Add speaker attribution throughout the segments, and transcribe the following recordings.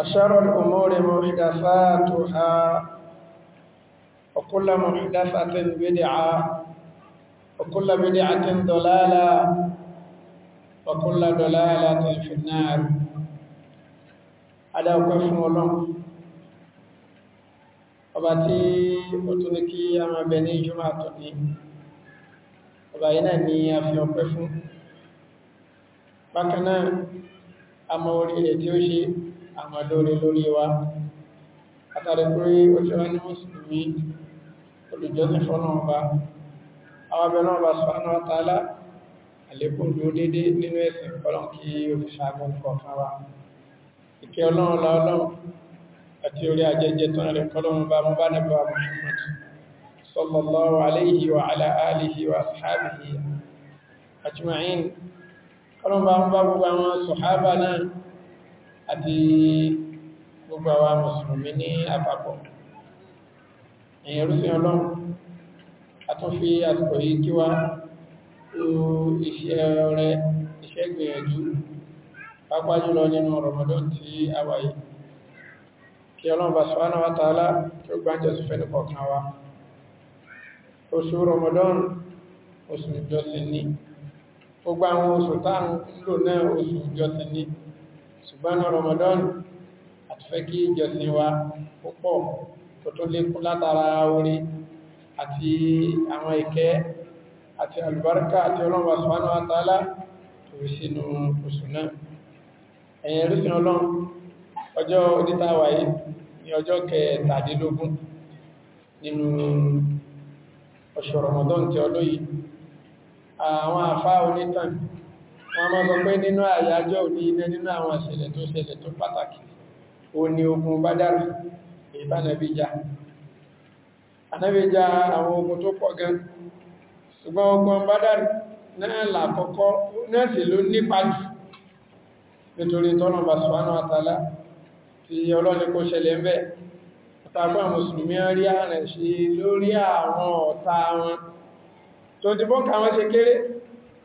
Speaker 1: أشار الأمور محدثاتها وكل محدثة بدعة وكل بدعة دلالة وكل ضلالة في النار على وقف ولم وباتي وتنكي أما بني جمعة وباينا نيا في وقف بكنا أما ولي لتوشي àmàlórí lórí wa látàrí pé ó ti rán ní mùsùlùmí olùjọ́sìn fọ́nà ọba àwọn abẹ́rẹ́ ọba sọ́nà ọ̀tàlá àlékún dúró dédé nínú ẹ̀sìn kọlọ́n kí o fi ṣàgbọ́n kọ̀ọ̀kan wa
Speaker 2: ìkẹ́ ọlọ́run lọ́lọ́run
Speaker 1: àti orí ajẹ́jẹ́ tán rẹ̀ gbogbo àwọn sọ̀hábà náà àti gbogbo àwa mùsùlùmí ní àpapọ̀ èyàn rúsìn ọlọ́run a tún fi àsìkò yìí kí wá tó iṣẹ́ rẹ iṣẹ́ gbìyànjú pápá jùlọ nínú Ramadan tí a wà yìí kí ọlọ́run bá subhanahu wa ta'ala kí ó gbájọ́ sí fẹ́lú kọ̀ọ̀kan wa oṣù Ramadan oṣù ìjọsìn ni gbogbo àwọn oṣù táà ń lò náà oṣù ìjọsìn ni ṣùgbọ́n Ramadan àti fẹ́ kí ìjọsìn wa púpọ̀ tó tó lékún látara orí àti àwọn ìkẹ́ àti alùbáríkà àti ọlọ́wà sọ́nà àtàlá tó sínú oṣù náà ẹ̀yìn rísìn ọlọ́run ọjọ́ onítàwà yìí ní ọjọ́ kẹtàdínlógún nínú oṣù Ramadan ti ọdún yìí àwọn àfá onítàn wọ́n máa sọ pé nínú àyájọ́ òní iná nínú àwọn ìṣẹ̀lẹ̀ tó ṣẹlẹ̀ tó pàtàkì ó ní ogun bádàrà ìbánàbíjá anábíjá àwọn ogun tó pọ̀ gan ṣùgbọ́n ogun bádàrà náà làkọ́kọ́ náà sì ló nípa jù nítorí tọ́nà bá sùwánà àtàlá tí ọlọ́ni kó ṣẹlẹ̀ tó ti bọ́n ká ṣe kéré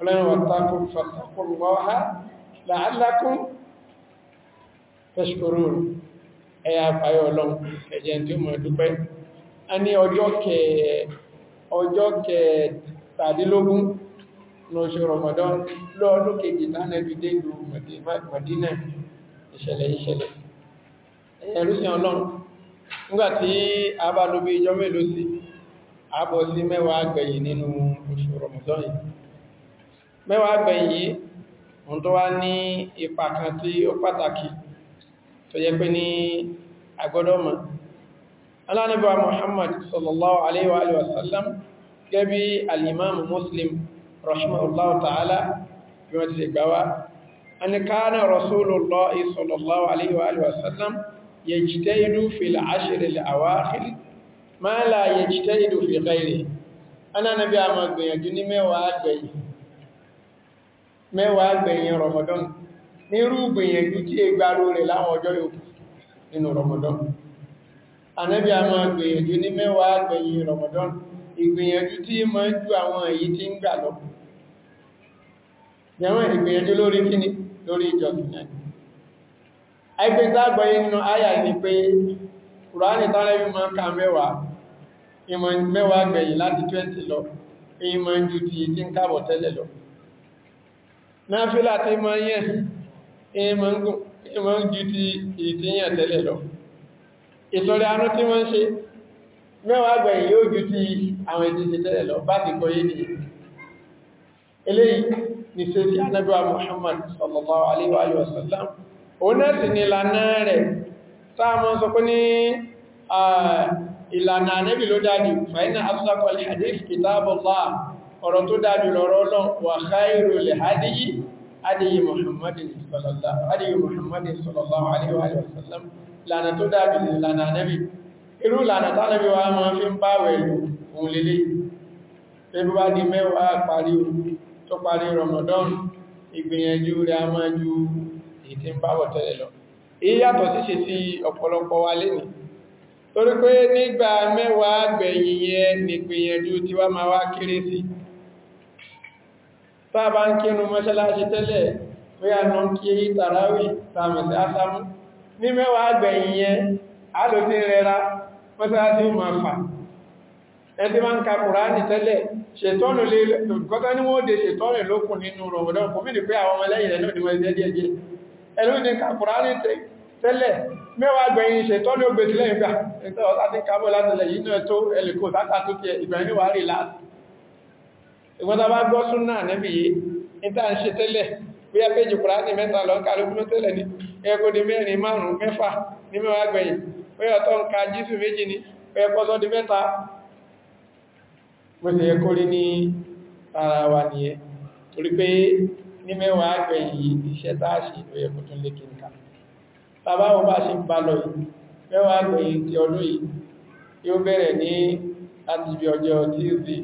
Speaker 1: ọlọ́run ọ̀tàkùn fàtàkùn lọ́ha láàlákùn tẹ́ṣkòrún ẹ̀yà àpáyọ ọlọ́run a ní ọjọ́ kẹtàdínlógún lóṣù Ramadan lọ́ọ̀dún kejì tánẹ́bí dégbò Madina a bá lóbi ìjọ mẹ́wàá gbẹ̀yìn yìí ohun tó wá ní ipa kan tí ó pàtàkì tó yẹ pé ní agbọ́dọ̀ mọ̀ alánibà Muhammad sallallahu alaihi wa alihi wasallam gẹ́bí al-Imam Muslim rahimahullahu ta'ala bí wọ́n ti ṣe gbáwá an kana Rasulullahi sallallahu alaihi wa alihi wasallam yajtahidu fil ashr al-awakhir ma la yajtahidu fi ghayrihi gbẹ̀yìn mẹ́wàá gbẹ̀yìn Ramadan ní irú gbìyànjú tí è gbáró rẹ̀ láwọn ọjọ́ Ramadan a máa gbìyànjú ní mẹ́wàá gbẹ̀yìn Ramadan ìgbìyànjú tí ma ń ju àwọn èyí tí ń gbà lọ jẹ́wọ́n lórí mẹ́wàá lọ ti ń lọ náfílà tí ma ń yẹn ìmọ̀ ń ju ti ìtíyàn tẹ́lẹ̀ lọ ìtọrẹ anú tí wọ́n ń ṣe mẹ́wàá gbẹ̀yìn yóò ju ti àwọn ìtíṣẹ́ tẹ́lẹ̀ lọ bá ti kọ yìí nìyí eléyìí ni ṣe ti anábíwá Muhammad sallallahu alaihi wa sallam òun náà sì ni ìlànà rẹ̀ sáàmọ́ sọ ní ìlànà anẹ́bì ló dájú fàínà asúlákọ̀ọ́lẹ̀ hadith kitabullah ọ̀rọ̀ tó dájú lọ́rọ̀ náà wà khairu lè hadiyi hadiyi muhammadin sallallahu alaihi wa sallam lànà tó dájú lè lànà nabi irú lànà tánàbí wa máa fi ń báwẹ̀ òun lélé february mẹ́wàá tó parí ramadan ìgbìyànjú rẹ̀ a máa ju ìtí ń báwọ̀ tẹ́lẹ̀ lọ ìyàtọ̀ sí ṣe sí ọ̀pọ̀lọpọ̀ wa lè ní torí nígbà mẹ́wàá gbẹ̀yìn yẹn nìgbìyànjú tí wá máa wá kéré sí sáàbá ń kínú mọ́ṣáláṣí tẹ́lẹ̀ bóyá nà ń kí tàráwì sàmùsí ásámú ní mẹ́wàá gbẹ̀yìn yẹn alòfin rẹra mọ́ṣáláṣí ma fà ẹdí ma ń ka kùránì tẹ́lẹ̀ ṣètọ́nù lè kọ́tọ́ ní wọ́n dé ṣètọ́nù lókùn nínú rọ̀wọ̀dán kò mìí pé àwọn ọmọlẹ́yìn rẹ̀ lóòdí wọ́n ẹgbẹ́ díẹ̀ ẹlú ní ka kùránì tẹ́lẹ̀ mẹ́wàá gbẹ̀yìn ṣètọ́nù ó gbẹ̀sílẹ̀ ìgbà ẹ̀tọ́ ọ̀tá ti ìgbọ́ta bá gbọ́ súnà nẹ́bì yìí níta ń ṣe tẹ́lẹ̀ bí a péjì kùránì mẹ́ta lọ kàlùkùn tẹ́lẹ̀ ní ẹkọ́ di mẹ́rin márùn mẹ́fà ní mẹ́wàá gbẹ̀yìn pé ọ̀tọ́ ń ka jísù méjì ní di mẹ́ta mo sì ẹkọ́ rí ní ara wa nìyẹn torí pé ní mẹ́wàá gbẹ̀yìn iṣẹ́ táà ṣe ló yẹ kó tún lé kí n ká tàbá yóò bẹ̀rẹ̀ ní láti bí ọjọ́ tíìsì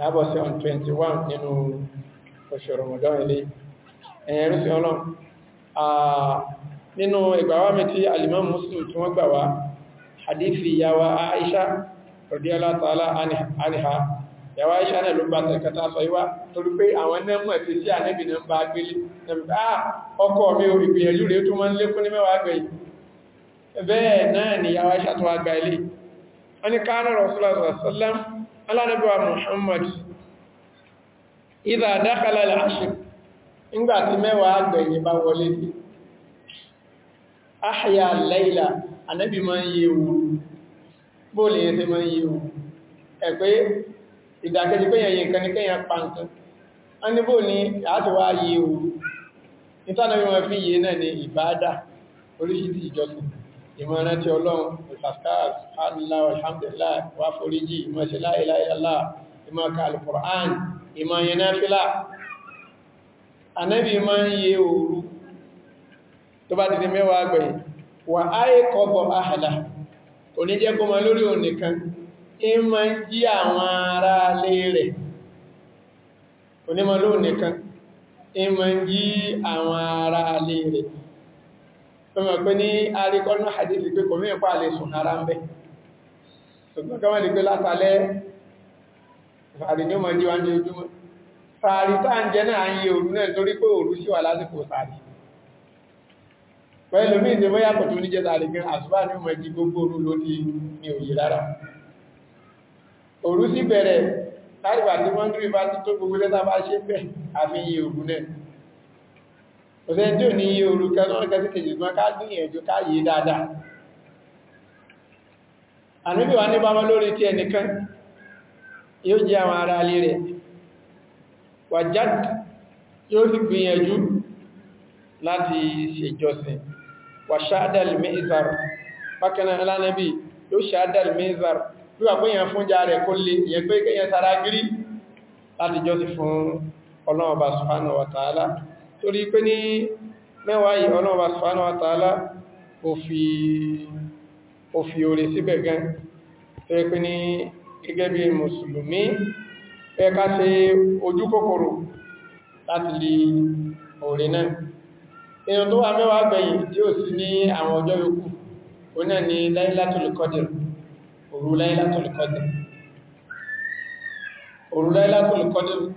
Speaker 1: lábọ̀ sí on 21 nínú oṣù Ramadan ilé ẹ̀yẹn rí sí ọlọ́m nínú ìgbàwà mi tí alimam Muslim tí wọ́n gbàwà hadithi yawa Aisha radiyallahu ta'ala anha yawa Aisha náà ló bá tẹ̀kẹta sọ iwá torí pé àwọn nẹ́mọ̀ ti sí ànẹ́bì náà bá gbélé ah, ọkọ̀ mi ò ìgbìyànjú rẹ̀ tó máa ń lékún ní mẹ́wàá gbẹ̀yìn alánàbíwà Muhammad ìdá dákàlà al-ashr ìgbàtí mẹ́wàá gbẹ̀yìn bá wọlé dé ahya al ma ń yí ewu bóòlì yẹn tí ma ń yí ewu ẹ̀pẹ́ ìdàkejì pé yẹn yìnkan ní kẹ́yàn pàǹkan a ní a ní àtọwà yí ewu nítànàbí wọn fi yìí náà ní ìbáadà saskar subhanallah alhamdulillah wá foríjì ìmọ̀ sí la ilaha illallah ìmọ̀ ka alquran ìmọ̀ yanáfílà anábì ma ń yẹ òru tó bá ti di mẹ́wàá gbẹ̀yìn wà áyé kọ́bọ̀ ahàlá kò ní jẹ́ kó ma lórí òun nìkan in jí àwọn ará lé rẹ̀ kò ní ma lórí ọmọ pé ní àríkọ́nà àdífì pé kò mìí pàà lè sùn ara ń bẹ́ ṣùgbọ́n kọ́wọ́n lè pé látàlẹ́ sàárì ní ọmọ jíwá ní ojúmọ́ sàárì tá ń jẹ náà ń yẹ òru náà torí pé òru sí wà lásìkò sàárì
Speaker 2: pẹ̀lú mí ìdí bóyá kò tó ní
Speaker 1: jẹ́ sàárì gan àsùbá ní ọ̀sẹ̀ tí ò ní iye orúkẹ́ lọ́rùn kẹsí kejì gbọ́n ká gbìyànjú ká yìí dáadáa àníbì wá ní bámọ́ lórí tí ẹnìkan yóò jẹ àwọn ará alé rẹ̀ wàjád yóò sì gbìyànjú láti ṣèjọsìn wà ṣáádàl mẹ́ìzàr bákanáà lánàbì yóò ṣáádàl mẹ́ìzàr wíwà pé èèyàn fún járe kó lè ìyẹn torí pé ní mẹ́wàá yìí ọlọ́wà subhanahu wa ta'ala ó fi orí síbẹ̀ gan torí pé ní gẹ́gẹ́ bí mùsùlùmí ẹ ká ṣe ojú kòkòrò láti lè orí náà èèyàn tó wà mẹ́wàá gbẹ̀yìn tí ó sì ní àwọn ọjọ́ yòókù ó náà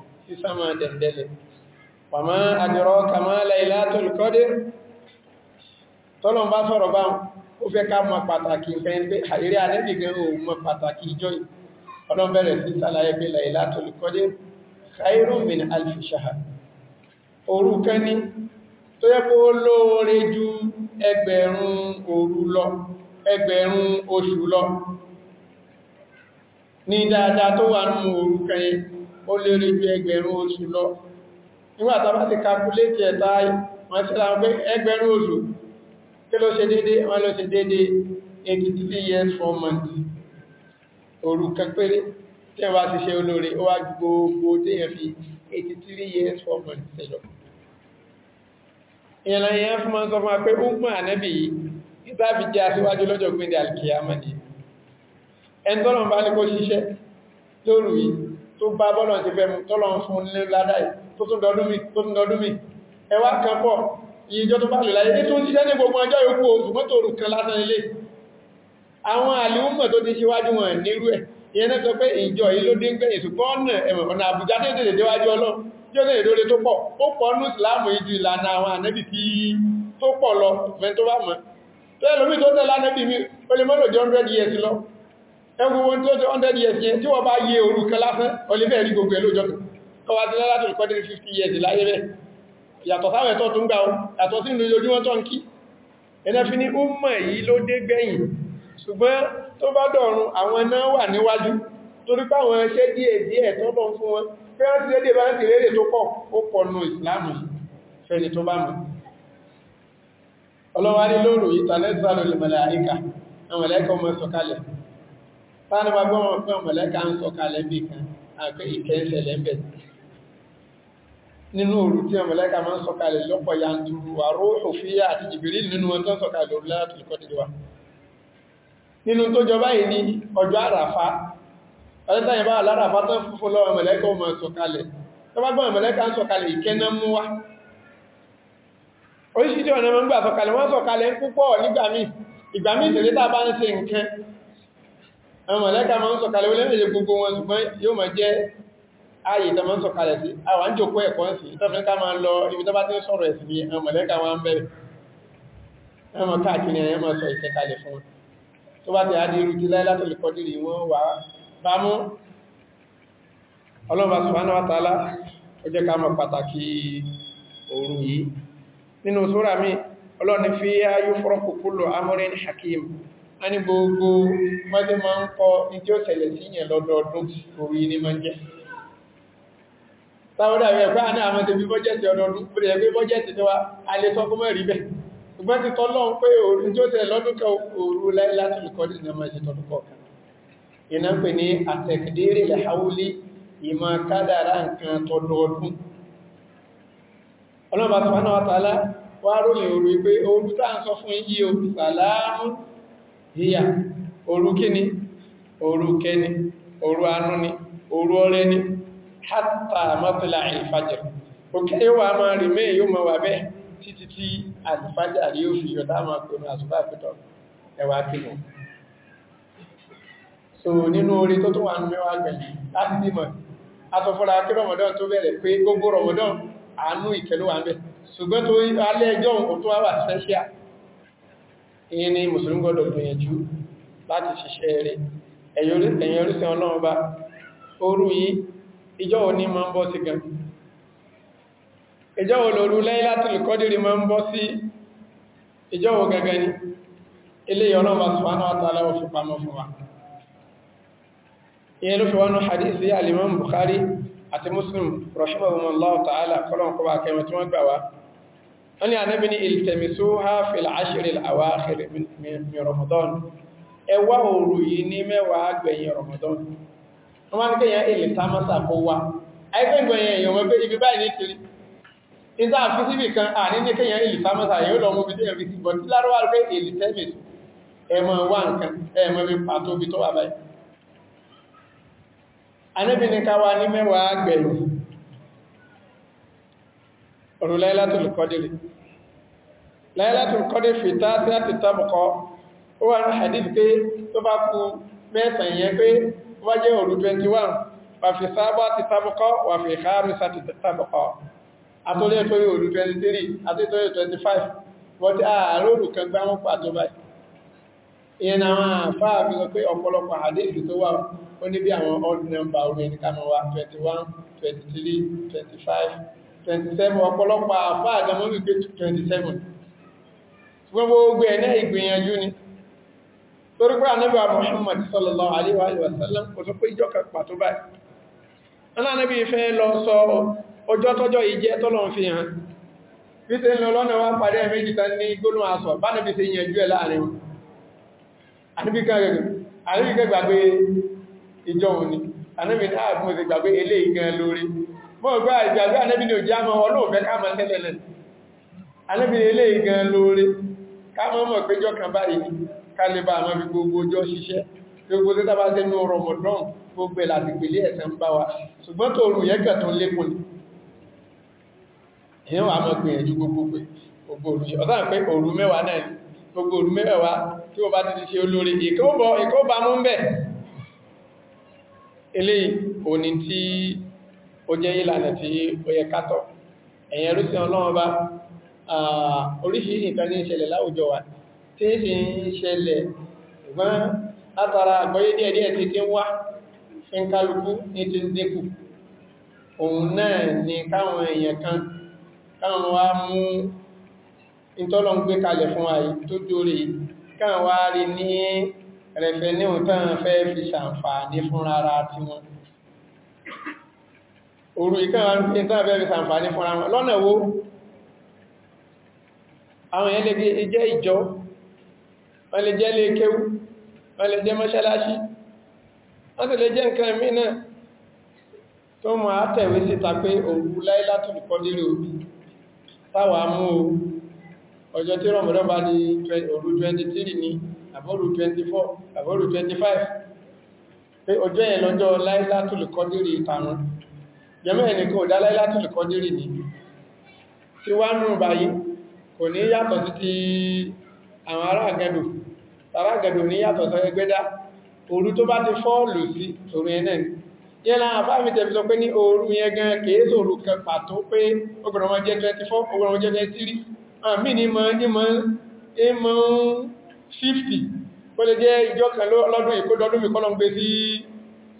Speaker 1: sí sámà dẹ̀ndẹ̀lẹ̀ pàmá àdìrọ́ kàmá Lailatul Qadr tọ́lọ̀ bá sọ̀rọ̀ bá ó fẹ́ ká mọ̀ pàtàkì nǹkan pé àrírí àrẹ́bì gan ò mọ̀ pàtàkì ìjọ ọlọ́bẹ̀rẹ̀ sí sàlàyé pé Lailatul Qadr khairun min alf shahr òru kan ní tó yẹ kó lóore ju ẹgbẹ̀rún òru lọ ẹgbẹ̀rún oṣù lọ ní dáadáa tó wà nínú òru kan yìí ó lérè ju ẹgbẹ̀rún oṣù lọ nígbàtà bá ti kàkúlétì ẹ̀ta wọ́n sí láwọn pé ẹgbẹ̀rún oṣù kí ló ṣe dédé wọ́n ló ṣe dédé 83 years 4 months òru kan péré tí wọ́n ti ṣe olóre ó wá ju gbogbo tí yẹn fi 83 years 4 months ṣe lọ ìyẹn lọ yẹn fún ma sọ fún wa pé ó gbọ́n ànẹ́bì yìí ìtàbí jẹ́ aṣíwájú lọ́jọ́ gbíndẹ̀ alkiyama ni ẹni tọ́lọ̀ bá ní kó ṣiṣẹ́ lóru yìí tó bá bọ́lọ̀ ti fẹ́ mú tọ́lọ fún nílé ládáì tó tún dọdún mi ẹwà kan pọ̀ ìjọ tó bá lè láyé ní tó ń ṣiṣẹ́ ní gbogbo ọjọ́ ìkú oṣù mọ́tò òrù kan lásán ilé àwọn àlìúmọ̀ tó ti ṣíwájú wọn nírú ẹ̀ ìyẹn náà sọ pé ìjọ yìí ló dín gbẹ̀yìn ṣùgbọ́n ọ̀nà ẹ̀mọ̀ ọ̀nà àbújá tó tètè déwájú ọlọ́run tí ó tètè dóre tó pọ̀ ó pọ̀ ní ìsìláàmù ìjú lè mọ́lò jọ ẹgbùgbọ́n tí ó jẹ́ 100 years yẹn tí wọ́n bá yé òru kan lásán olífẹ́ rí gbogbo ẹlójọ́ kan kọwàá ti lọ́lá tó lè 50 years láyé rẹ̀ yàtọ̀ sáwẹ̀ tó tún gbà ọ yàtọ̀ sí inú ojúmọ́ tó ń kí ẹ̀nà fi ní ọmọ yìí ló dé gbẹ̀yìn ṣùgbọ́n tó bá dọ̀run àwọn náà wà níwájú torí páwọn ẹṣẹ́ díẹ̀ díẹ̀ tó lọ fún wọn pé wọ́n ti lédè bá ń ti lédè tó pọ̀ ó pọ̀ nù ìsìláàmù fẹ́ni tó bá mọ̀ ọlọ́wárí lóòrùn ìtàlẹ́sàlò lè ẹlẹ́kọ̀ọ́ mọ́ sọ̀kalẹ̀ tánà bá gbọ́mọ̀ pẹ́ mọ̀lẹ́ka ń sọ kalẹ̀ bí kan àpé ìkẹ́ẹ̀ṣẹ̀ lẹ́m̀bẹ̀ nínú òru tí mọ̀lẹ́ka máa ń sọ kalẹ̀ lọ́pọ̀ yanturu àró òfíyà àti Jibril nínú wọn tán sọ kalẹ̀ Lailatul Qadr wa nínú tó jọba yìí ní ọjọ́ àràfá ọdẹ́tàyìn bá alárafá tán fúnfún lọ́wọ́ mọ̀lẹ́ka ọmọ sọ̀kalẹ̀ tó bá gbọ́n mọ̀lẹ́ka ń sọ̀kalẹ̀ ìkẹ́ná ìgbàmí ìtẹ̀lẹ́ta bá ń ṣe nǹkan àwọn mọ̀lẹ́ta ma ń sọ̀kalẹ̀ olóòrẹ̀ gbogbo wọn ṣùgbọ́n yóò ma jẹ́ ààyè tó ma ń sọ̀kalẹ̀ sí àwọn ń jòkó ẹ̀kọ́ sí ìtọ́fẹ́ká ma ń lọ ibi tó bá ti ń sọ̀rọ̀ ẹ̀sìn ni àwọn mọ̀lẹ́ka wọn bẹ̀rẹ̀ ẹmọ káàkiri ẹ̀yẹn ma sọ ìkẹkalẹ̀ fún wọn tó bá ti á di irú ti láìlátòlù kọdìrì wọn wà bá mú ọlọ́ba subhanahu wa ta'ala ó jẹ́ ká mọ̀ pàtàkì òru yìí nínú súra mi ọlọ́ni fi yá yóò fọ́rọ̀kù kullu amrin hakim a ní gbogbo mọ́dé máa ń kọ́ ní tí ó ṣẹlẹ̀ sí ìyẹn lọ́dọọdún orí ní máa ń jẹ́ sáwọ́dá rẹ̀ pé àná àwọn tẹbí bọ́jẹ̀tì ọdọọdún pẹ̀lú ẹgbẹ́ bọ́jẹ̀tì tó wá alẹ́ sọ fún mẹ́rin bẹ̀ kan òru láìlátùlù kọ́dí ní ọmọ ìṣẹ́ tọ́dún kọ̀ọ̀kan iná pè ní àtẹ̀kìdérè lẹ́háúlé ìmọ̀ kádàrá nǹkan tọdọọdún ọlọ́bàá híyà òru kíni òru kẹni orú anú ni òru ọrẹ ni hátà mọ́tílà ìfàjẹ̀ òkè yóò wà máa rí mẹ́ yóò máa wà bẹ́ títí tí àlìfàjẹ̀ yóò fi yọ̀dá máa pẹ̀lú àsùbá àpẹtọ̀ ẹwà so nínú orí tó wà ní mẹ́wàá láti rọmọdán tó bẹ̀rẹ̀ pé gbogbo rọmọdán àánú bẹ̀ ìyẹn ni mùsùlùmí gbọ́dọ̀ gbìyànjú láti ṣiṣẹ́ rẹ̀ ẹ̀yìn orísẹ̀ ọlọ́run bá òru yìí ìjọ́ wo ni máa ń bọ́ sí gan ìjọ́ wo lòru Laylatul Qadr máa ń bọ́ sí ìjọ́ wo ilé ọlọ́run subhanahu wa ta'ala fi pamọ́ fún wa ìyẹn ló fi wọnú hadisi al-Imam Bukhari àti Muslim rahimahumullahu ta'ala kọlọ̀kọ́ wọ́n ni ànábì ní ìltẹ̀mìsó ha fìlà áṣìrìl àwáàkìrì mi ramadan ẹwà òru yìí ní mẹ́wàá gbẹ̀yìn ramadan wọ́n máa ń kéyàn ìltàmásà kó wá àìgbẹ̀gbẹ̀yìn èèyàn wọ́n pé ibi báyìí ní kiri ìta àfisíbì kan à ní ní kéyàn ìltàmásà yóò lọ mú bídí ẹ̀rí sí bọ̀ tí òru Lailatul Qadr Lailatul Qadr fìtá tí a ti tábùkọ́ ó wà ní hadith pé tó bá kú mẹ́sàn yẹn pé ó bá jẹ́ òru 21 wà fi sábà ti tábùkọ́ wà fi khamisa ti tábùkọ́ àtúnlẹ̀ tó yẹ òru 23 àti tó yẹ 25 wọ́n ti ààrẹ òru kan gbá wọn pàtó báyìí ìyẹn àwọn àfáà fi sọ pé ọ̀pọ̀lọpọ̀ àdéjì tó wà ó ní bí àwọn odd number orin ká mọ́ wa 21 23 25 27 ọ̀pọ̀lọpọ̀ àfá àgbàmọ́ wípé 27 ṣùgbọ́n gbogbo ẹ̀ ìgbìyànjú ni torí pé ànábà Muhammad sallallahu alaihi wa kò sọ pé ìjọ́ kan pàtó báyìí fẹ́ lọ sọ ọjọ́ tọ́jọ́ ìjẹ́ tọ́lọ̀ fi hàn bí lọ lọ́nà wá méjì tán ní asọ yẹnjú láàrin mọ́ ìgbà ìgbàgbà anẹ́bí ni ò já mọ́ ọlọ́ọ̀fẹ́ káàmọ́ tẹ́lẹ̀lẹ̀ anẹ́bí ilé ìgan lóore káàmọ́ mọ̀ péjọ́ kan báyìí kálébà àmọ́ fi gbogbo ọjọ́ ṣiṣẹ́ gbogbo tó tábá sẹ́nu rọmọdán gbogbo wa ṣùgbọ́n tó rù yẹ́kẹ̀ tó lékún ní
Speaker 2: èyàn wà mọ́ gbìyànjú
Speaker 1: gbogbo pé gbogbo olùṣẹ́ ọ̀sán pé òru mẹ́wàá náà gbogbo òru mẹ́wàá tí ó bá ti ti ṣe òní tí ó jẹ́ ìlànà tí ó yẹ kátọ̀ ẹ̀yẹn rúsí ọlọ́run bá oríṣiríṣi nǹkan ní ìṣẹ̀lẹ̀ láwùjọ wa tí ń sì ń ṣẹlẹ̀ ṣùgbọ́n látara àgbọ́yé díẹ̀díẹ̀ tí ti ń wá fún kálukú ní ti ń dínkù òun náà ni káwọn èèyàn kan káwọn wá mú ìtọ́lọ̀ òru ìkẹ́wàá ní ìtàbẹ̀ fi sàǹfàní fúnra wọn lọ́nà wo àwọn èèyàn lè jẹ́ ìjọ wọ́n lè jẹ́ lè kéwú wọ́n lè jẹ́ mọ́ṣáláṣí wọ́n sì lè jẹ́ nǹkan mìíràn tó mọ̀ átẹ̀wé síta pé òru láìlátùlùkọ́dérò táwà mú ọjọ́ tí rọ̀mọ̀dọ́ bá di òru 23 ní àbọ̀rù 24 àbọ̀rù 25 pé ọjọ́ yẹn lọ́jọ́ láìlátùlùkọ́dérò ìtàrún jẹmọ́ ẹnìkan ò dálẹ́ látùlù kọ́ dírì ní tí wá nù báyìí kò ní yàtọ̀ sí ti àwọn ará àgẹ́dò tàrá àgẹ́dò ní yàtọ̀ sọ ẹgbẹ́dá òru tó bá ti fọ́ọ̀lù sí òru ẹ̀nẹ́ yẹ́ la àbá mi tẹ̀fi sọ pé ní òru yẹn gan kèéso òru kan pàtó pé ọgbọ̀n ọmọ jẹ́ 24 ọgbọ̀n ọmọ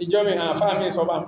Speaker 1: ìjọ mi àfáà mi sọ bá mi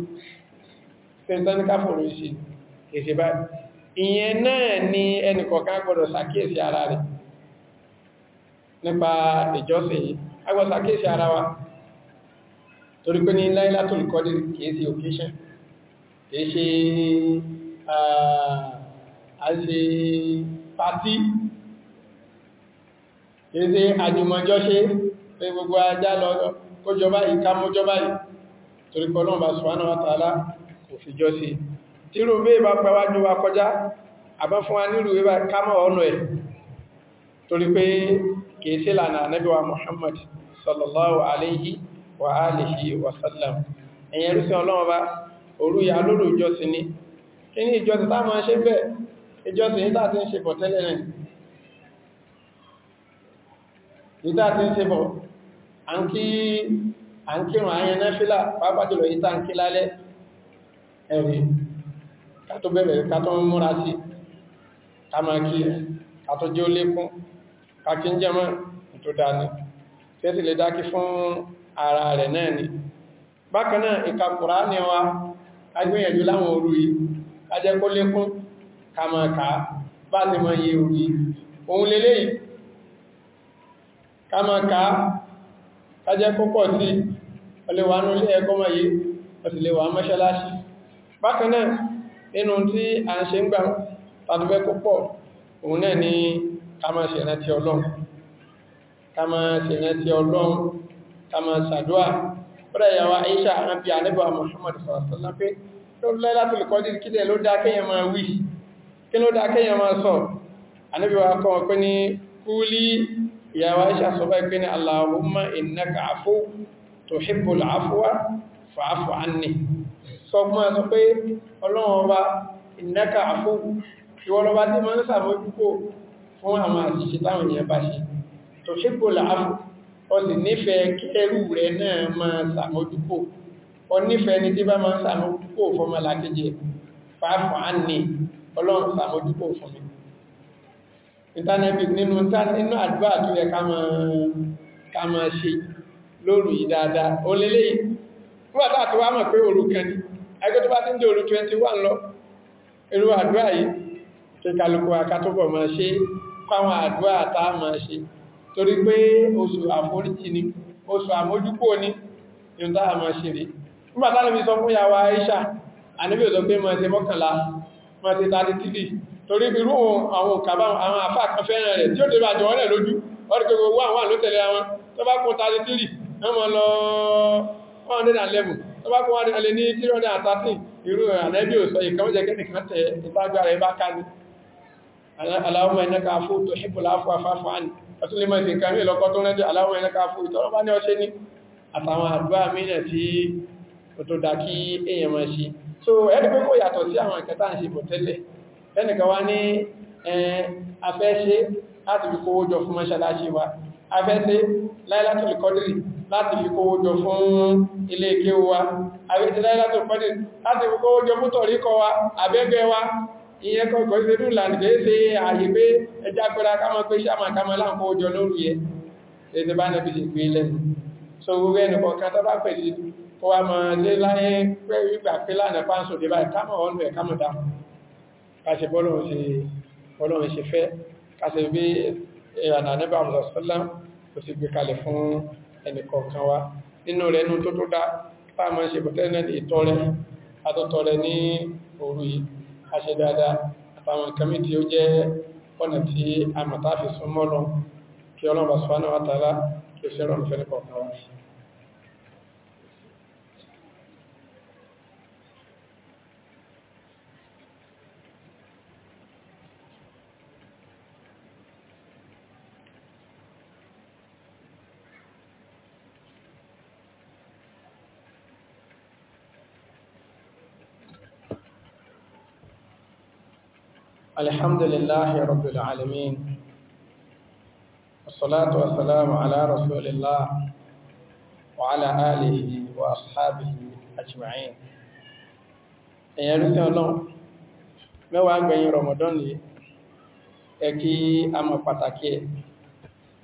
Speaker 1: sẹ́ńtáníkà fòrò sí kèsè báyìí ìyẹn náà ni ẹnìkọ̀ọ̀kan gbọ́dọ̀ sàkíyèsí ara rẹ̀ nípa ìjọsìn yìí agbọ́ sàkíyèsí ara wa torí pé ní Lailatul Qadr kèsè occasion kèsè àṣe pàtí kèsè àjùmọ̀jọ́ṣe pé gbogbo ajá lọ kójọba torí pé bá Subhanahu wa òfijọ́ sí tíró bí ìbá pẹ́wájú wa kọjá àbá fún wa nílùú ìbá kámọ̀ ọ̀nà ẹ̀ torí pé lànà Muhammad sallallahu Alaihi wa alihi wa sallam ẹ̀yẹn rúsí ọlọ́wọ́ bá ya lórí ìjọsìn ní ní ìjọsìn tá ṣe bẹ́ẹ̀ ìjọsìn ń ṣe ẹ̀rí kátó bẹ̀rẹ̀ kátó múra sí kama kí kátó jẹ́ olékún kákí ń jẹmọ́ tó dání tí ó sì lè dákí fún ara rẹ̀ náà ni bákanáà ìka Kùránì wa agbìyànjú láwọn òru yìí ajẹ́ kó lékún kama ká bá ti mọ iye òru ohun lélẹ́ yìí kama ká ajẹ́ kó pọ̀ sí ọlẹ́wà ní ilé yìí ọ̀sìlẹ̀wà mọ́ṣáláṣí bákanáà nínú tí a ń ṣe ń gbà tàbí kó pọ̀ òun náà ni ká máa ṣe rántí ọlọ́run ká máa ṣe ọlọ́run ká máa ṣàdúà Aisha àwọn anẹ́bà Muhammad sọ̀rọ̀sọ́lá pé Lailatul Qadr kílẹ̀ ló dá kéèyàn máa wí kí ló dá kéèyàn máa sọ anẹ́bíwá kan pé ní kúlí ìyàwó Aisha sọ báyìí pé anni sọgbọ́n sọ pé ọlọ́run ọba ìnẹ́kà àfó ìwọ́lọ́bá tí ma ń sàmójúkò fún àwọn àṣìṣe táwọn èèyàn bá ṣe tó ṣípò láàfù ọ sì nífẹ̀ẹ́ kí ẹrù rẹ̀ náà ma sàmójúkò ọ nífẹ̀ẹ́ ni tí bá ma ń sàmójúkò fọmọ làkejì fàáfù á ní ọlọ́run sàmójúkò fún mi ìtànẹ́bì nínú inú àdúrà tó yẹ ká máa ṣe lóru yìí dáadáa ó ẹgbẹ́ tó bá ti ń dé òru 21 lọ irú àdúrà yìí kí kálukú akátọ́bọ̀ máa ṣe fáwọn àdúrà tá máa ṣe torí pé oṣù àforíjì ni oṣù àmójúkò ní yóò tá máa ṣe rí nígbàtá lè fi sọ fún yàwó Aisha àníbí òsọ pé máa ṣe mọ́kànlá máa ṣe 33 torí irú àwọn òkàbá àwọn àfà kan fẹ́ràn rẹ̀ tí ó tẹ́lẹ̀ àjọ ọ̀rẹ́ lójú ọdún gbogbo wà wà ló tẹ̀lé àwọn tó bá kún 33 wọ́n mọ́ lọ 111 tó bá kọ́ wá ní alẹ́ ní 313 irú ànẹ́bí ò sọ ìkàmọ́jẹ́kẹ́nìkan tẹ̀ ìtagbára ìbáká ní aláwọ̀mọ̀ ẹ̀nẹ́ka afú tó ṣípùlá afú afáfà ní ọtúnlẹ́mọ̀ sí nǹkan mí lọ́kọ́ tó rẹ́jẹ́ aláwọ̀mọ̀ ẹ̀nẹ́ka afú ìtọ́rọ̀bá ní ọṣẹ́ ní àtàwọn àdúrà mìíràn tí ó tó dá kí èèyàn mọ̀ sí so ẹni pé kó yàtọ̀ sí àwọn ìkẹta ń ṣe bọ̀ tẹ́lẹ̀ ẹnìkan wá ní afẹ́ṣe láti fi kówó jọ fún mọ́ṣáláṣí wa afẹ́ṣe láìlátùlù kọ́dìrì láti fi kówó jọ fún ilé ike wa àbíti láìlá tó láti fi kówó jọ mútọ̀ rí kọ wa àbẹ́gbẹ́ wa ìyẹn kọ̀ọ̀kọ̀ ìṣẹ́dù ìlànà kèése àyè pé ẹjá pẹ́ra kámọ pé sáàmà kámọ láǹkówó jọ lórí ẹ ètè bá nẹ́bí sì gbé lẹ́nu so gbogbo ẹnìkan kan tó bá pẹ̀lú kó wa mọ̀ lé láyé pẹ́ wípà pé bí ìrànà nígbà mọ̀sọ̀sọ́lá kò sì gbé kalẹ̀ fún ẹnìkọ̀ọ̀kan wa nínú rẹ̀ nú tó tó dá táàmà ṣe pẹ̀tẹ́lẹ̀ ìtọrẹ àtọ́tọrẹ ní òru yìí a ṣe dáadáa àtàwọn ìkàmí tí ó jẹ́ ọ̀nà tí a mọ̀ táàfi súnmọ́ lọ kí ọlọ́run sọ́nà wátàlá kí ó ṣe rọrùn fẹ́ nípa ọ̀kan wa الحمد لله رب العالمين والصلاة والسلام على رسول الله وعلى آله وأصحابه أجمعين ẹ̀yìn ẹ̀rùsìn ọlọ́run mẹ́wàá gbẹ̀yìn Ramadan yìí ẹ kí a mọ̀ pàtàkì ẹ̀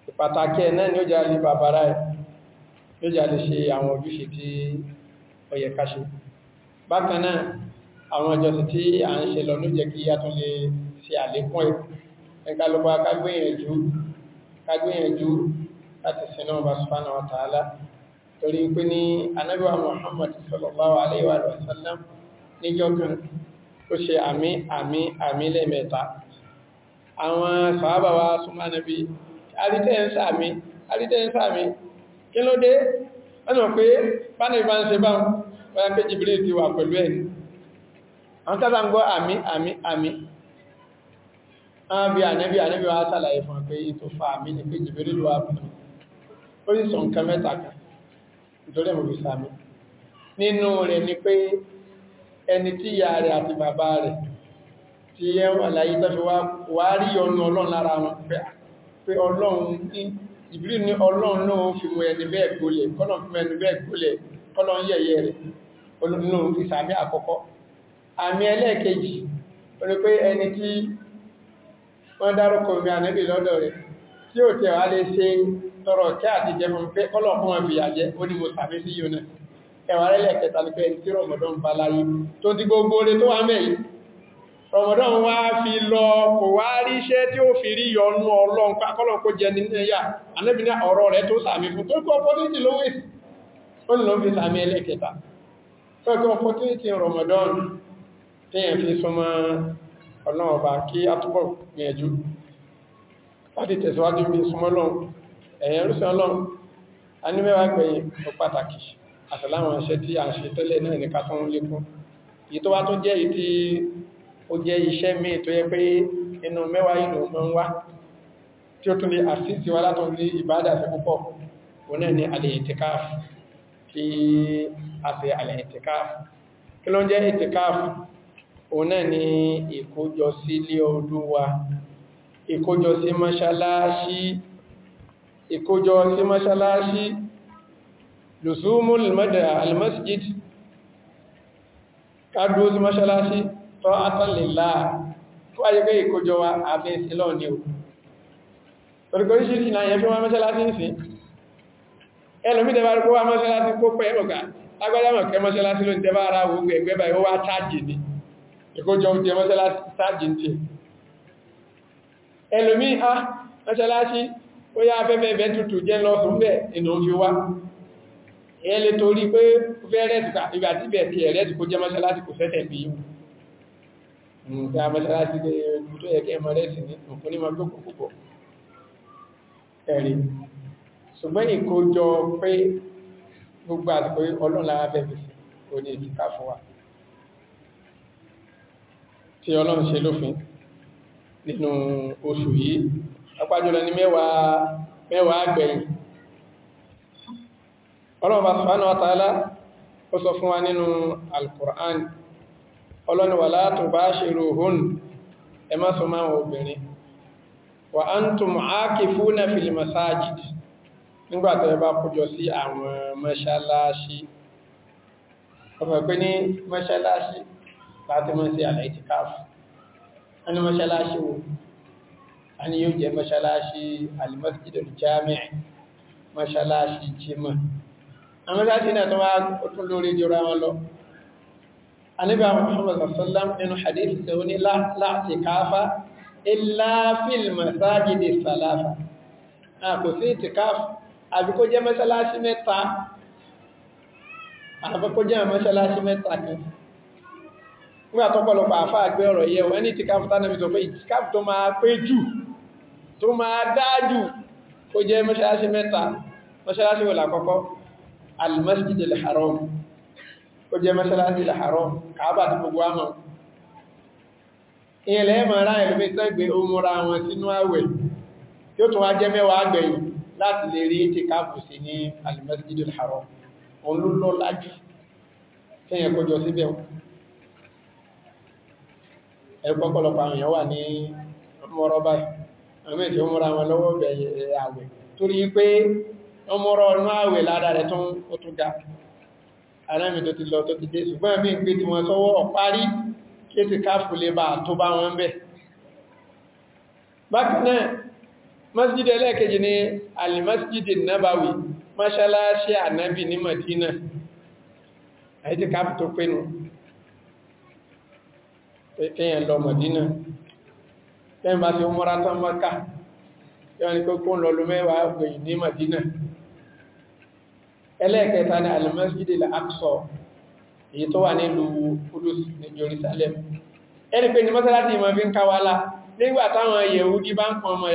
Speaker 1: ìpàtàkì ẹ̀ náà ni ó jẹ́ alẹ́ bàbára ẹ̀ ló jẹ́ alẹ́ ṣe àwọn ojúṣe tí ó yẹ ká ṣe bákan náà àwọn ìjọsìn tí a ń ṣe lọ ló jẹ́ kí a tún lè ṣe àlékún ẹ̀ ẹgbàlọ́gbà kágbéyànjú láti sinú ọba subhanahu wa ta'ala torí pé ní ànábì Muhammad sallallahu alaihi wa sallam níjọ́ kan ó ṣe àmì àmì àmì lẹ́mẹ̀ta àwọn sàábà wa súnmọ́ ànábì arítẹ́ẹ̀sàmì arítẹ́ẹ̀sàmì kí ló dé ẹnà pé bánàbí bá ń ṣe báun wọ́n yá pé Jibril ti bí ànẹ́bí ànẹ́bí wá sàlàyé fún pé yí tó fa àmì ní pé jìbìrí lọ àpùn ó sì sọ nǹkan mẹ́ta kan nítorí ẹ̀mọ̀ fi sàmì nínú rẹ̀ ni pé ẹni tí ìyá rẹ̀ àti bàbá rẹ̀ tí yẹ wà láyé tọ́fi wá rí ọ̀nà ọlọ́run lára wọn pé ọlọ́run jìbìrí ní ọlọ́run náà fi mú ẹni bẹ́ẹ̀ gólẹ̀ kọ́lọ̀n fi mú ẹni bẹ́ẹ̀ wọ́n dárúkọ mi ànẹ́bì lọ́dọ̀ rẹ̀ tí ó tẹ̀wà lè ṣe tọrọ kẹ́ àti jẹun pé kọ́lọ̀kún wọn fìyà jẹ́ ó ní mo sàmì sí yóò náà ẹwà rẹ̀lẹ̀ kẹta ní pé ẹni tí rọmọdán bá láyé tó ti gbogbo orí tó wà mẹ́yìn rọmọdán wá fi lọ kò wá rí iṣẹ́ tí ó fi rí yọnú ọlọ́run kọ́lọ̀kún jẹ ní ẹ̀yà ànẹ́bì ní ọ̀rọ̀ rẹ̀ tó sàmì fún tó kọ́ opportunity ló wèsì ó ní ló fi sàmì ẹlẹ́kẹta tó kọ́ ọlọ́run ọba kí a túbọ̀ gbìyànjú láti tẹ̀síwájú bí súnmọ́ lọ́run ẹ̀yẹn rúsẹ̀ ọlọ́run a ní mẹ́wàá gbẹ̀yìn ó pàtàkì àtàláwọn iṣẹ́ tí a ń ṣe tẹ́lẹ̀ náà ní kátún lékún èyí tó wá tó jẹ́ èyí tí ó jẹ́ iṣẹ́ míì tó yẹ pé inú mẹ́wàá ń wá ọ̀nà ni ìkójọ sí ilé ọdún wa ìkójọ sí mọ́ṣálásí ìkójọ sí mọ́ṣálásí lùsúmùl mọ́dà almasjid kádó sí mọ́ṣálásí tọ́ àtàlélà tó ayẹ́gbẹ́ ìkójọ wa àfẹ́ sílọ́ ní o ẹlòmídẹ̀bárí kó wá mọ́ṣálásí kó pẹ́ ẹgbọ̀gá agbájámọ̀ kẹ mọ́ṣálásí ló ń tẹ́bá ara wo ẹgbẹ́ báyìí ó wá chájì ni ìkójọ ti mọ́sálásí sáàjì tí ẹlòmí ha mọ́sálásí ó yá afẹ́fẹ́ ẹ̀bẹ̀ tútù jẹ́ lọ sùn bẹ̀ inú fi wá ẹlẹ́ torí pé fẹ́ rẹ̀ ṣùgbọ́n ìkójọ pé gbogbo àti pé ọlọ́nà afẹ́fẹ́ sí kò ní ìdíkà fún wa tí ọlọ́run ṣe lófin nínú oṣù yìí apájúlọ ní mẹ́wàá mẹ́wàá gbẹ̀yìn ọlọ́run bá subhanahu wa ta'ala ó sọ fún wa nínú al-Qur'an ọlọ́run wala tubashiruhun ẹ má sọ máa obìnrin wa antum aakifuna fil masajid nígbàtọ̀ ẹbá láti mọ́ sí àlẹ́ ìtìkáàfù a ní mọ́ṣálásí wo a ní yóò jẹ mọ́ṣálásí almasjidul jami' mọ́ṣálásí jimá
Speaker 2: àwọn láti náà tó wá
Speaker 1: tún lórí jọra wọn lọ aníbà muhammadu sallam nínú hadith tó ní láti káfà illa fil masajidi salafa a kò sí ìtìkáàfù àbí kó jẹ́ mọ́ṣálásí mẹ́ta àbí kó nígbà tọ́pọ̀lọpọ̀ àfá àgbé ọ̀rọ̀ yẹ wọ́n ní ìtìkáfù tánàbí sọ pé ìtìkáfù tó máa pé jù tó máa dájú ó jẹ́ mọ́ṣáláṣí mẹ́ta mọ́ṣáláṣí wọ́n lákọ́kọ́ al-masjid al-haram ó jẹ́ mọ́ṣáláṣí al-haram kàábà tó gbogbo àmà ilẹ̀ mara ẹ̀lùmí tẹ́gbẹ̀ omúra wọn sínú àwẹ̀ ẹgbọ́pọ̀lọpọ̀ àwọn èèyàn wà ní ọmọrọ báyìí àwọn èèyàn tí ó múra wọn lọ́wọ́ bẹ̀rẹ̀ àwẹ̀ torí pé ọmọrọ ọdún àwẹ̀ ládà rẹ̀ tún ó tún ga alámi tó ti lọ tó ti dé ṣùgbọ́n mí gbé tí wọ́n sọ́wọ́ ọ̀parí kéèsì káfù lè bá tó bá wọn bẹ̀ bákan náà masjid ẹlẹ́ẹ̀kejì ni alimasjid nabawi mọ́ṣálásí ànábì ní madina àìtí káfù tó pinnu kéèyàn lọ Mọ̀dínà lẹ́yìn bá ti ó mọ́ra tán mọ́ká yọ́ ni kókó ń lọlú mẹ́wàá gbẹ̀yìn ní Mọ̀dínà ẹlẹ́ẹ̀kẹta Kudus ní Jerusalem ẹni pé ní mọ́sálásí ìmọ̀ fi ń káwálá nígbà táwọn Yẹ̀húdí bá ń pọn ọmọ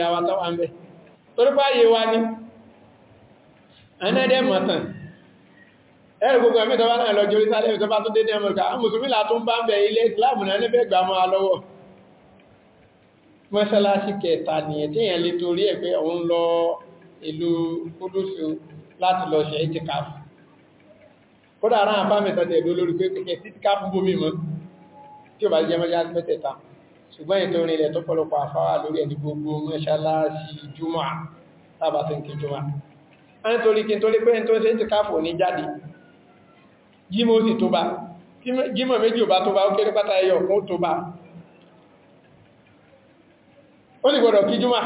Speaker 1: ẹ̀rù gbogbo ẹ̀mí tọ́bá náà lọ Jerusalem tọ́bá tó dé ní Amẹ́ríkà mùsùlùmí látún bá ń bẹ ilẹ̀ Islamu náà níbẹ̀ gbà mọ́ alọ́wọ́ mọ́ṣálásí kẹta nìyẹn tí èyàn lè torí ẹ̀ pé òun lọ ìlú kúdùsù láti lọ ṣe itikaf kódà rán àbámẹ́ta tẹ̀ lórí pé kẹ̀kẹ́ itikaf bómi mọ́ tí ó bá jẹ́ mọ́ṣálásí mẹ́tẹ̀ẹ̀ta ṣùgbọ́n ètò orinlẹ̀ tó pọ̀lọpọ̀ àfáwà lórí ẹni gbogbo mọ́ṣálásí jùmọ̀ tàbátẹ̀ kí jùmọ̀ jímọ̀ sì tó bá jímọ̀ méjì ò bá tó bá ó kéré pátá ẹyọ fún tó bá ó lè gbọ́dọ̀ kí júmà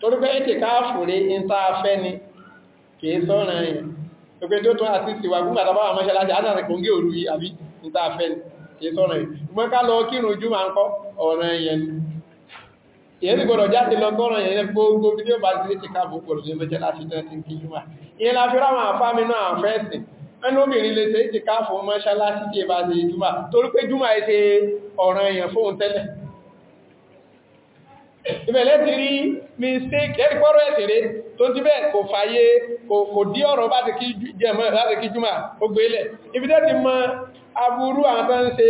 Speaker 1: torí ètè káàfù rí in ni kìí sọ́rọ̀ ẹ̀yìn pẹ̀pẹ́ tó tó àti ìsìwà gúngbà tàbá wà mọ́ṣẹ́ láti àtàrí ni kìí sọ́rọ̀ ẹ̀yìn mọ́ ká lọ kírun júmà ń kọ́ ọ̀rọ̀ ẹ̀yìn
Speaker 2: ni èyí sì gbọ́dọ̀ jáde lọ gbọ́rọ̀ yẹn
Speaker 1: gbogbo bí ó bá ti lè ti káàbù pọ̀lú ní mẹ́jẹ́ láti tẹ́ kí júmà ìyẹn la fi ráwọn àfáàmì náà àfẹ́ẹ̀sìn ẹnu obìnrin lè ṣe ìtìkáàfù mọ́ṣálásí tí ìbá ṣe ìjúmà torí pé júmà ẹ̀ṣe ọ̀ràn èèyàn fóun tẹ́lẹ̀ ìbẹ̀lẹ̀ ti rí mistake ẹ̀rí pọ́rọ̀ ẹ̀tẹ̀rẹ́ tó ti bẹ́ẹ̀ kò fàyè kò dí ọ̀rọ̀ bá ti kí jẹmọ́ láti kí júmà ó gbé ilẹ̀ ibidẹ́ ti mọ aburú àwọn tó ń ṣe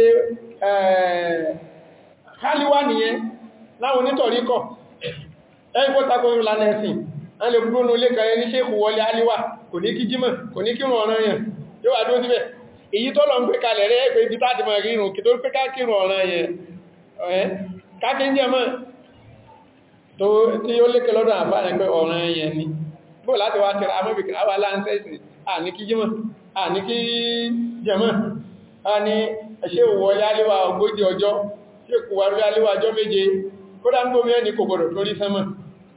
Speaker 1: eh, yóò wà dúró síbẹ̀ èyí tó lọ ń pè kalẹ̀ rẹ̀ pé ibi táti mọ̀ rírun kí tó pé kákírùn ọ̀ràn yẹn kákíńjẹmọ́ tó tí ó lékè lọ́dọ̀ àbáyẹn pé ọ̀ràn yẹn ni bó láti wá tẹ́ra amóbìkì àwà láńsẹ́sì àní kí jímọ̀ àní kí jẹmọ́ a ní ẹ̀ṣẹ́ òwò yáléwà ogójì ọjọ́ tí èkù wà yáléwà ọjọ́ méje kódà ń gbómi ẹni kòkòrò lórí sánmà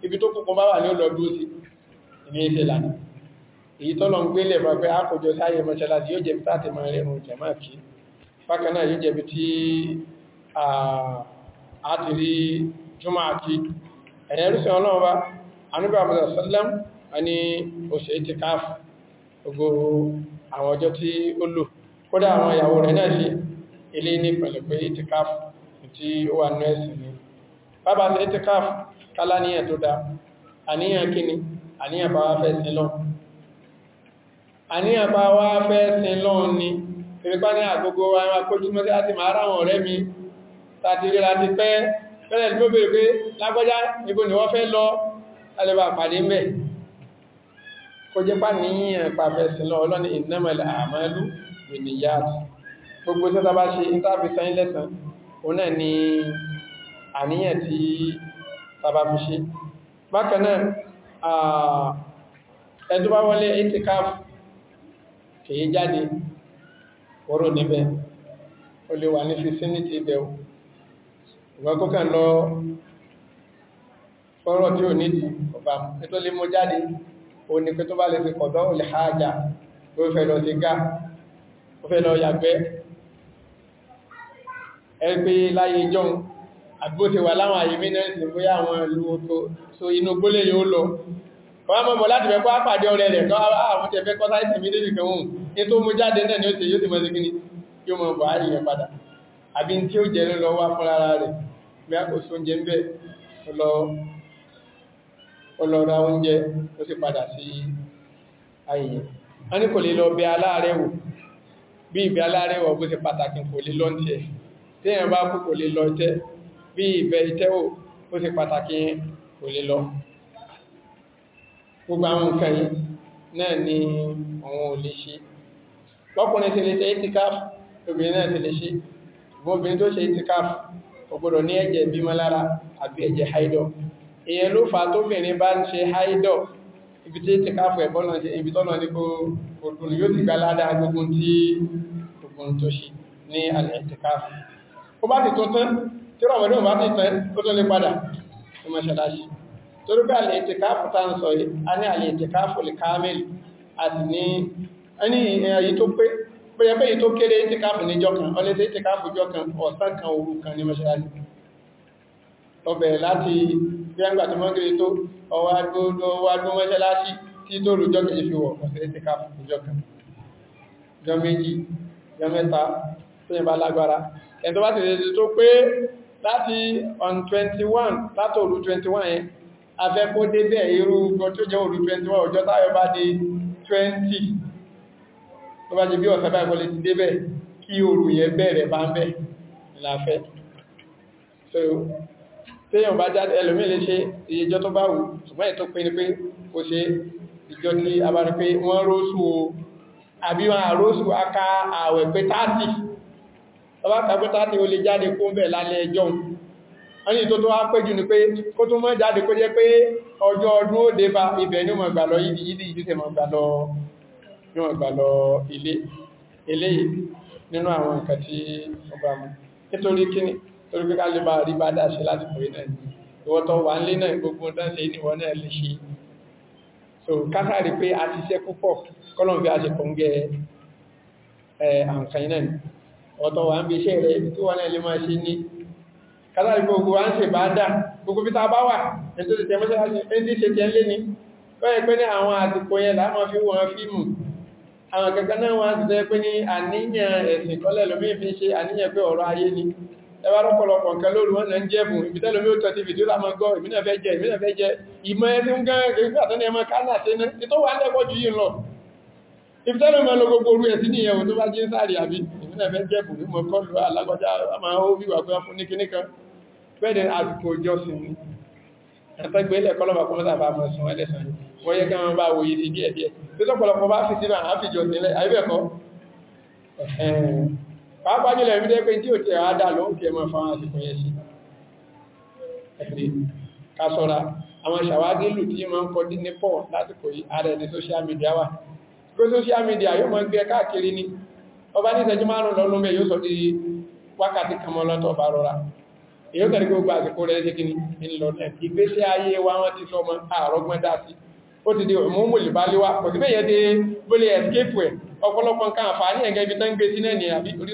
Speaker 1: ibi tó kùnkùn bá wà ní ó lọ èyí tọ́lọ ń gbélẹ̀ bá pé àkójọ sáyẹ mọ́ṣálásí yóò jẹbi tàti máa rẹrùn jẹmá kí bákaná yóò jẹbi tí a ti rí jùmọ́ àti ẹ̀yẹ rúsẹ̀ ọlọ́ọ̀bá anúbà mọ́sálẹ́m àní òṣè ti káàfù gbogbo àwọn ọjọ́ tí ó lò kódà àwọn ìyàwó rẹ̀ náà sí ilé ní pẹ̀lú ni bábá sí ìtìkáàfù kálá níyàn tó àníyàn kíni àníyàn bá wá fẹ́ sílọ́n àníyàn bá wá fẹ́ sin lọ́n ni ìrìpá ní àgbogbo wa ẹwà kójú mọ́ sí láti máa ráwọn ọ̀rẹ́ mi tàti rí láti pẹ́ pẹ́lẹ̀ tí ó bèèrè pé lágbọ́já níbo ni wọ́n fẹ́ lọ alẹ́bà pàdé mẹ́ kó jẹ́ pà níyàn pàfẹ́ sin lọ ọlọ́ni innamal a'malu binniyat gbogbo tí ó tábá ṣe ìtàfi sẹ́yìn lẹ́sàn òun náà ni àníyàn tí ẹ̀dùbá wọlé ìtìkáfù kèye jáde wọ́rọ̀ níbẹ̀ o lè wà ní físínítì ibẹ̀ o ìwọ́n kọ́kà lọ fọ́rọ̀ tí ò nídìí ọba ẹ̀tọ́ lè mọ́ jáde o ní pé tó bá lè sí kọ̀dọ́ ò lè hájà pé fẹ́ lọ sí gá ó fẹ́ lọ yàgbẹ́ wọ́n mọ́ mọ̀ láti fẹ́ kó àpàdé ọ̀rẹ́ rẹ̀ kọ́ àwọn tẹ́ fẹ́ kọ́ sáìsì mi lórí kan ní tó mú jáde náà ni ó ṣe yóò ti mọ́ sí kíní yóò mọ̀ bọ̀ ààrẹ yẹn padà àbí tí ó jẹ́ lọ wá fún ara rẹ̀ bí a kò sún jẹ ń bẹ̀ ọlọ́ra oúnjẹ ó sì padà sí ayẹyẹ a ní kò lè gbogbo àwọn nǹkan yìí náà ni òun ò lè ṣe lọ́kùnrin ti lè ṣe itikaf obìnrin náà ti lè ṣe ṣùgbọ́n obìnrin tó ṣe itikaf kò gbọdọ̀ ní ẹ̀jẹ̀ bímọ lára àbí ẹ̀jẹ̀ haidọ̀ èyàn ló fà tóbìnrin bá ń ṣe haidọ̀ ibi tí itikaf ẹ̀bọ́nà ṣe ibi tọ́nà ní torí bí alẹ́ ìtìkáàfù tá ń sọ yìí a ní alẹ́ ìtìkáàfù lìkámẹ́l àti ní ẹni èyí tó pé bóyá pé èyí tó kéré ìtìkáàfù ní jọkan ọlẹ́sẹ̀ ìtìkáàfù jọkan ọ̀sán kan òru kan ní mọ́ṣáláṣí ọbẹ̀ láti gbẹ́ngbà tó mọ́gírí tó ọwádún mọ́ṣáláṣí tí tó rú jọkan ìfiwọ̀ ọ̀sẹ̀ ìtìkáàfù jọkan jọ méjì jọ mẹ́ta tó yẹn bá lágbára ẹ̀tọ́ bá ti rẹ̀ tó pé láti on 21 látòrú 21 afẹ́kó débẹ̀ irú nǹkan tó jẹ́ òru 21 ọjọ́ táyọ bá dé 20 tó bá jẹ bí ọ̀sẹ̀ báyìí kọlẹ̀ ti débẹ̀ kí òru yẹ bẹ̀rẹ̀ bá ń bẹ̀ láfẹ́ so téèyàn bá jáde ẹlòmí lè ṣe ìyẹjọ́ tó bá wù ṣùgbọ́n ètò pé ní pé ó ṣe ìjọ tí a bá rí pé wọ́n rósù o àbí wọn àrósù aka àwẹ̀ pé 30 tó bá kà pé 30 ó lè jáde kó ń bẹ̀ lálẹ́ ẹjọ́ ẹni tó tó wá pé jù ní pé kó tó mọ́ jáde kó jẹ́ pé ọjọ́ ọdún ó dé bá ibẹ̀ ní ọmọ ìgbàlọ ìdí ìdí ìdí tẹ mọ̀ ìgbàlọ ilé ilé nínú àwọn nǹkan tí ó bá mú nítorí kíní torí pé kálẹ̀ bá rí bá dáṣe láti pè náà ìwọ́tọ̀ wà nílé náà gbogbo dáṣe ní wọ́n náà lè ṣe so kásàrí pé a ti ṣe a ṣe kò ń gẹ àǹkan náà ọ̀tọ̀ wà ń bí kàtàrí gbogbo wá ń ṣe bá dà gbogbo bí ta bá wà ètò ìtẹ́ mọ́sálásí ẹni ṣe tẹ́ lé ní pẹ́ẹ̀ pé ní àwọn àsìkò yẹn láàmà fi wọ́n fíìmù àwọn kankan náà wọ́n ti tẹ́ pé ní àníyàn ẹ̀sìn kọ́lẹ̀ lómi fi ṣe àníyàn pé ọ̀rọ̀ ayé ni ẹwà rọ́pọ̀lọpọ̀ nǹkan lóru wọn náà ń jẹ́bùn ibi tẹ́lẹ̀ mi ó tọ́ ti fìdí lámọ́ gọ́ ìmínà fẹ́ jẹ ìmínà fẹ́ jẹ ìmọ̀ ẹ̀sìn gan-an kí àtọ́ni ẹmọ kánà sí ní tó wà lẹ́kọ̀ọ́ ju yìí lọ ìfẹ́lẹ̀ mọ́ lọ gbogbo orú ẹ̀sí ní ẹ̀wọ̀n tó bá jẹ́ sáàrí àbí ìmìnàfẹ́ jẹ́bù ní mọ́kànlú alágbọ́já àmà ó wíwà pé fún ní kíníkà pẹ́ẹ̀dẹ̀ àsìkò ìjọsìn ní ẹ̀tẹ́gbẹ̀ẹ́lẹ̀ kọlọ́bà kọmọ́sà bá mọ́ sún ẹlẹ́sàn wọ́n yẹ káwọn bá wòye sí díẹ̀ díẹ̀ tó tọ́pọ̀lọpọ̀ bá fi sínú àáfíjọ sílẹ̀ àìbẹ̀kọ́ pàápàá jùlọ ìrídẹ́ pé tí ò tẹ̀ àádà ló ń social media wà pé social media yóò mọ́ gbé káàkiri ní ọba ní ìṣẹ́jú márùn lọ́nà mẹ́ yóò sọ di wákàtí kan mọ́ lọ́tọ̀ bá rọra èyí tẹ̀rí gbogbo àsìkò rẹ̀ ṣe kí ní ìlọ́nà ìgbésí ayé ó ti di òmùmù ìbáléwá kò escape ẹ̀ ọ̀pọ̀lọpọ̀ nǹkan àǹfààní ẹ̀gẹ́ ibi tán gbé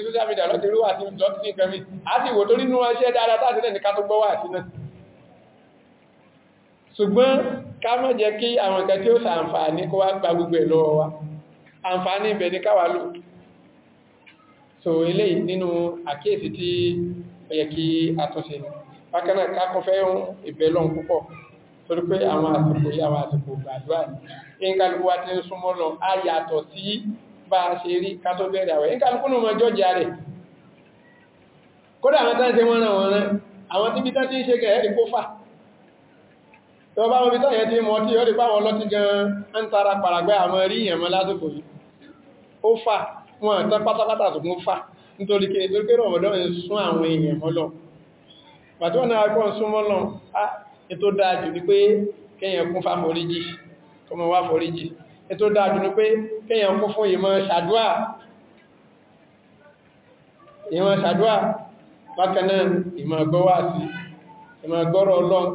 Speaker 1: social media lọ́ti rí wà tí lọ́ti ní kẹrin àti ìwò tó nínú aṣẹ́ dáadáa tàbí lẹ́ni ká tó gbọ́ wà sí náà ṣùgbọ́n ká má jẹ́ kí àwọn nǹkan tí ó ṣàǹfààní kó wá gba gbogbo ẹ̀ wa àǹfààní ibẹ̀ ní káwà lò so eléyìí nínú àkíyèsí tí ó yẹ kí àtúnṣe bákanáà kákọfẹ́ ìbẹ̀lọ́n púpọ̀ torí pé àwọn àsìkò yí àwọn àsìkò gbàdúrà ní ìkàlùkù a ṣe rí ká tó bẹ̀rẹ̀ àwẹ̀ ìkàlùkù nù mọ́ jọ́jà rẹ̀ kódà àwọn tán ṣe wọ́n ràn wọ́n tó bá wọn bí táyẹ̀ tí mọ́ tí ó rí páwọn ọlọ́tí gan ń tara pàràgbẹ́ àwọn rí ìyẹ̀mọ́ lásìkò yìí ó fà wọn tán pátápátá ṣùgbọ́n fà nítorí kí ètò pé rọ̀mọ̀dán ń sún àwọn èèyàn mọ́lọ̀ pàtí wọ́n náà kọ́ ń sún mọ́lọ̀ ètò dáadù ní pé kéèyàn kún fà foríjì kọmọ wá foríjì ètò dáadù ní pé kéèyàn kún fún ìmọ̀ ṣàdúà ìmọ̀ ṣàdúà bákanáà ìmọ̀ gbọ́wà sí ìmọ̀ gbọ́rọ̀ ọlọ́run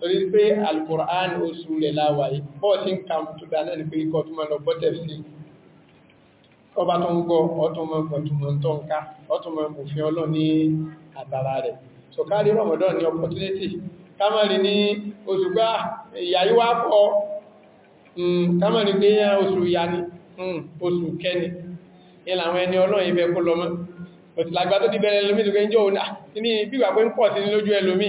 Speaker 1: torí pé alkùrán oṣù rẹ̀ láwàáyé bọ́ọ̀tí ń kàm tó dá náà ní pé ikọ̀ tó mọ́ lọ bọ́tẹ̀ sí ọba tó ń gọ́ ọtúnmọ̀ pọ̀túnmọ̀ tó ń ká ọtúnmọ̀ òfin ọlọ́ ní àtàrà rẹ̀ so kárí Ramadan ní opportunity kámàrí ní oṣùgbà ìyàyíwá kọ kámàrí pé ah, hmm, ah, oṣù ìyá ni hmm, oṣù kẹni ìlànà ẹni ọlọ́rin ibẹ̀ kó lọ mọ́ ẹlòmí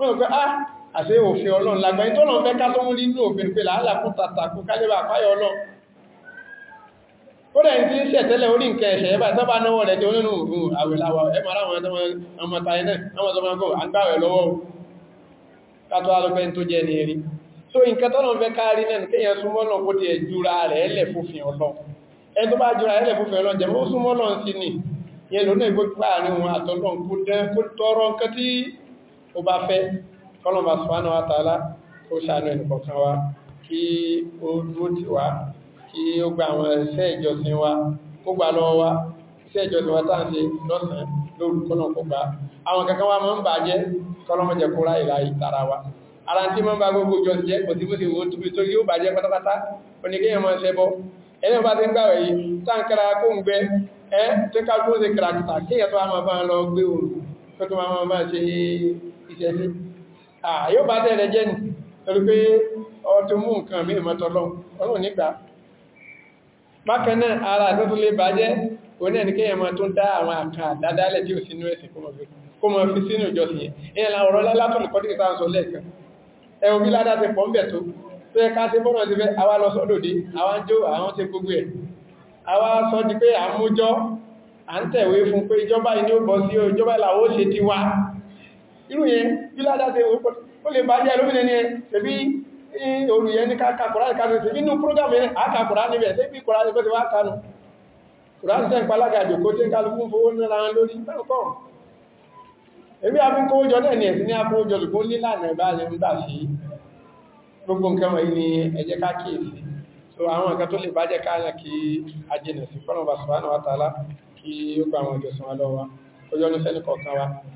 Speaker 1: wọ́n pẹ́ á àṣẹ òfin ọlọ́run lágbàáyé tó lọ́n fẹ́ ká tó mú nínú òfin pé làálà fún tàtàkù kálẹ́bà páyọ ọlọ́run ó rẹ̀ tí ń ṣẹ̀ tẹ́lẹ̀ orí nǹkan ẹ̀ṣẹ̀ ẹ̀bà sábà náwọ̀ rẹ̀ jẹ́ onínú òun àwẹ̀láwà ẹmàrà àwọn ọmọ tàyẹ náà àwọn ọmọ ọgọ́ àgbàwẹ̀ lọ́wọ́ kátó alọ́gbẹ́ tó jẹ́ ní erí so nǹkan tọ́nà fẹ́ káàrí náà kéyàn súnmọ́nà kó ti ẹ̀júra rẹ̀ ẹlẹ̀ fòfin ọlọ́ ẹni tó bá jura ẹlẹ̀ fòfin ọlọ́ jẹ́ mọ́ súnmọ́nà sí ni yẹn lónà ìgbókùpá àárín wọn àtọ́lọ́ kó tọrọ nǹkan tí ó bá fẹ́ kọ́lọ̀mà subhanahu wa ta'ala kó ṣàánú ẹnìkọ̀ọ̀kan wa kí ó dúró tì wá kí ó gba àwọn iṣẹ́ ìjọsìn wa kó gbà lọ́wọ́ wa iṣẹ́ ìjọsìn wa táà ń ṣe lọ́sàn lóru kọ́lọ̀ kó gbà àwọn kankan wa máa ń bàjẹ́ kọ́lọ́mọ̀jẹ̀ kó ráì láì tara wa ara tí máa ń ba gbogbo jọ jẹ́ kò tó máa máa bá ṣe ìṣẹ́sí àyó bá tẹ́rẹ jẹ́ nì pẹ̀lú pé ọdún mú nǹkan mí ìmọ̀tọ̀lọ́un ọlọ́run nígbà bákanáà ara tó tó lè bá jẹ́ oní ẹnikẹ́yàn máa tó dá àwọn àkà àdádálẹ̀ tí ò sínú ẹ̀sìn kó mọ̀ fi sínú ìjọsìn yẹn ìyẹn la ọ̀rọ̀ lálátọ̀lù kọ́ díkítà ń sọ lẹ́ẹ̀kan ẹ̀wọ̀n bí ládá ti pọ̀ ń bẹ̀ tó tó ẹ̀ká sí bọ́nà ti fẹ́ àwa lọ sọ́dọ̀dé àwa ń jó àwọn ti gbogbo ẹ̀ àwa irú yẹn bí ládáṣe ó lè bá jẹ́ ẹlòmínà ní ẹ ṣẹ̀bí òru yẹn ní kàkàkùrá ìkàkùrá ṣẹ̀bí inú prógámù yẹn àkàkùrá níbẹ̀ ṣẹ́bí kùrá ní pẹ́sẹ̀ wá kanú kùrá ní sẹ́ ìpalága ìjòkó tí ń kálukú fowó níra lórí mẹ́rùkọ́ ẹbí akókòójọ náà ní ẹ̀sìn ní akókòójọ lùkó nílànà ìbá lè ń gbà sí gbogbo nǹkan wọ̀nyí ni ẹ jẹ́ ká kíyèsí so àwọn nǹkan tó lè bá jẹ́ káyà kí ajínà sí fọ́nà bàṣùwánà wátàlá kí ó gbà àwọn ìjọsìn wa lọ́wọ́ ọjọ́ ní sẹ́nìkọ̀ọ̀kan wa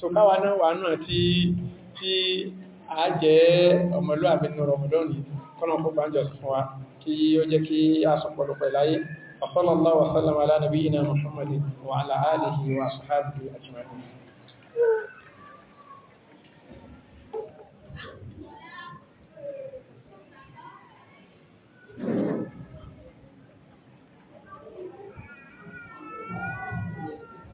Speaker 1: so káwa náà wà náà tí tí a jẹ́ ọmọlúwàbí nínú Ramadan yìí kọ́nà kó gbáǹjọ sí fún wa kí ó jẹ́ kí a sọ pọ̀lọpọ̀ láyé wa sallallahu wa sallama ala